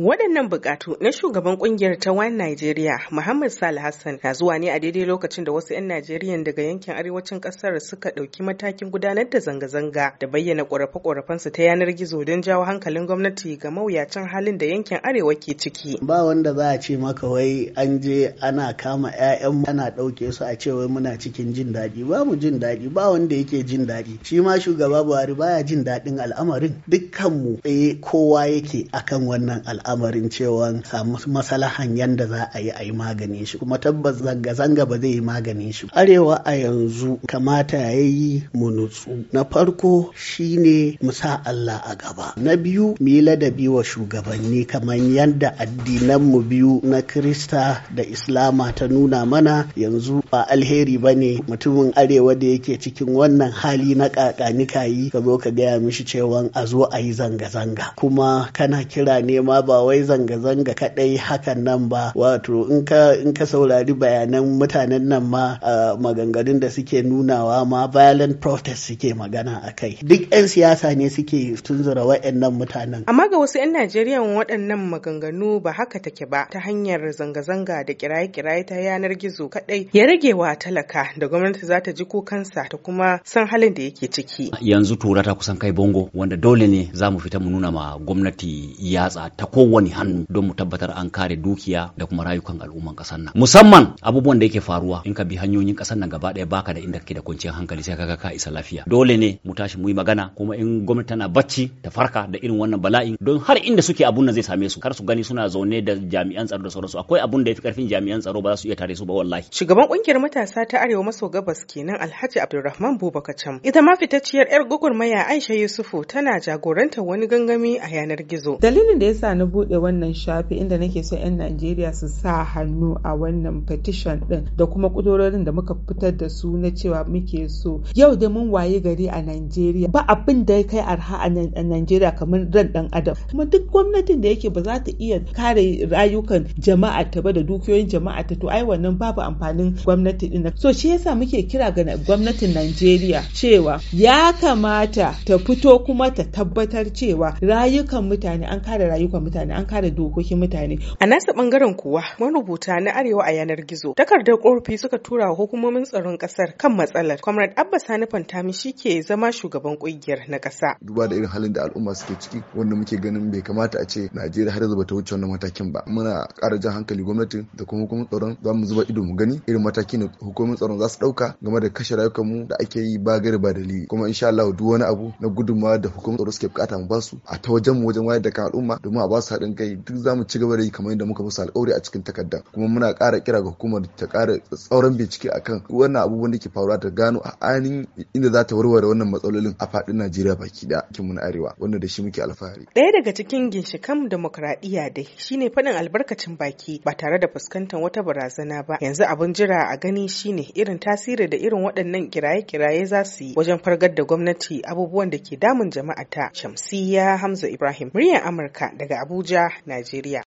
Waɗannan bukatu na shugaban kungiyar ta One Nigeria Muhammad Salih Hassan na zuwa ne a daidai lokacin da wasu 'yan Najeriya daga yankin arewacin ƙasar suka ɗauki matakin gudanar da zanga-zanga da bayyana ƙorafe-ƙorafensu ta yanar gizo don jawo hankalin gwamnati ga mawuyacin halin da yankin arewa ke ciki. Ba wanda za a ce maka wai an je ana kama 'ya'yan mu. ana ɗauke su a ce wai muna cikin jin daɗi ba mu jin daɗi ba wanda yake jin daɗi shi ma shugaba Buhari baya jin daɗin al'amarin dukkanmu tsaye eh, kowa yake akan wannan al'amarin. al'amarin cewa samu masalahan yadda za a yi a yi magani shi kuma tabbas zanga-zanga ba zai yi magani shi arewa a yanzu kamata ya yi mu nutsu na farko shine mu sa Allah a gaba na biyu mu yi ladabi wa shugabanni kamar yadda addinan mu biyu na Kirista da Islama ta nuna mana yanzu ba alheri ba ne. mutumin arewa da yake cikin wannan hali na kakanikayi ka zo ka gaya mishi cewa a zo a yi zanga-zanga kuma kana kira ne ma ba ba wai zanga-zanga kadai hakan nan ba wato in ka saurari bayanan mutanen nan ma maganganun da suke nunawa ma violent protest suke magana a kai duk 'yan siyasa ne suke tunzura wa'annan mutanen amma ga wasu 'yan najeriya waɗannan maganganu ba haka take ba ta hanyar zanga-zanga da kiraye-kiraye ta yanar gizo kadai ya rage wa talaka da gwamnati za ta ji kukansa ta kuma san halin da yake ciki yanzu tura ta kusan kai bongo wanda dole ne za mu fita mu nuna ma gwamnati yatsa ta ko kowane hannu don mu tabbatar an kare dukiya da kuma rayukan al'umman kasar nan musamman abubuwan da yake faruwa in ka bi hanyoyin kasar nan gaba ɗaya baka da inda kake da kwanciyar hankali sai kaga ka isa lafiya dole ne mu tashi mu yi magana kuma in gwamnati tana bacci ta farka da irin wannan bala'in don har inda suke abun nan zai same su kar su gani suna zaune da jami'an tsaro da sauransu akwai abun da yafi karfin jami'an tsaro ba za su iya tare su ba wallahi shugaban kungiyar matasa ta arewa maso gabas kenan alhaji abdulrahman bubakacam ita ma fitacciyar yar gwagwarmaya aisha yusufu tana jagorantar wani gangami a yanar gizo dalilin da yasa na buɗe wannan shafi inda nake so 'yan Najeriya su sa hannu a wannan petition ɗin da kuma ƙudurorin da muka fitar da su na cewa muke so. Yau da mun waye gari a Najeriya ba abin da ya kai arha a Najeriya kamar ran dan adam. Kuma duk gwamnatin da yake ba za ta iya kare rayukan jama'a ta ba da dukiyoyin jama'a ta to ai wannan babu amfanin gwamnati ɗin. So shi yasa muke kira ga gwamnatin Najeriya cewa ya kamata ta fito kuma ta tabbatar cewa rayukan mutane an kare rayukan mutane mutane an kare dokokin mutane a nasa bangaren kuwa marubuta na arewa a yanar gizo takardar korafi suka tura wa hukumomin tsaron kasar kan matsalar comrade abba sani fantami shi ke zama shugaban kungiyar na kasa duba da irin halin da al'umma suke ciki wanda muke ganin bai kamata a ce najeriya har yanzu bata wuce wannan matakin ba muna ƙara jan hankali gwamnati da kuma hukumomin tsaron za mu zuba ido mu gani irin matakin da hukumomin tsaron za su ɗauka game da kashe mu da ake yi ba gari ba dalili kuma insha Allah duk wani abu na gudunmawa da hukumomin tsaro suke bukata mu basu a ta wajen mu wajen wayar da kan al'umma domin a basu masu haɗin kai duk za mu ci gaba da yi kamar yadda muka musu alƙawari a cikin takarda kuma muna ƙara kira ga hukumar ta ƙara tsauran bincike kan wannan abubuwan da ke faruwa ta gano a ainihin inda za ta warware wannan matsalolin a faɗin Najeriya baki da kinmu mun arewa wanda da shi muke alfahari. Ɗaya daga cikin ginshikan demokradiyya dai shine faɗin albarkacin baki ba tare da fuskantar wata barazana ba yanzu abin jira a gani shine irin tasiri da irin waɗannan kiraye-kiraye za su yi wajen fargar da gwamnati abubuwan da ke damun jama'a ta Shamsiyya Hamza Ibrahim muryar Amurka daga Abuja. Abuja, Nigeria.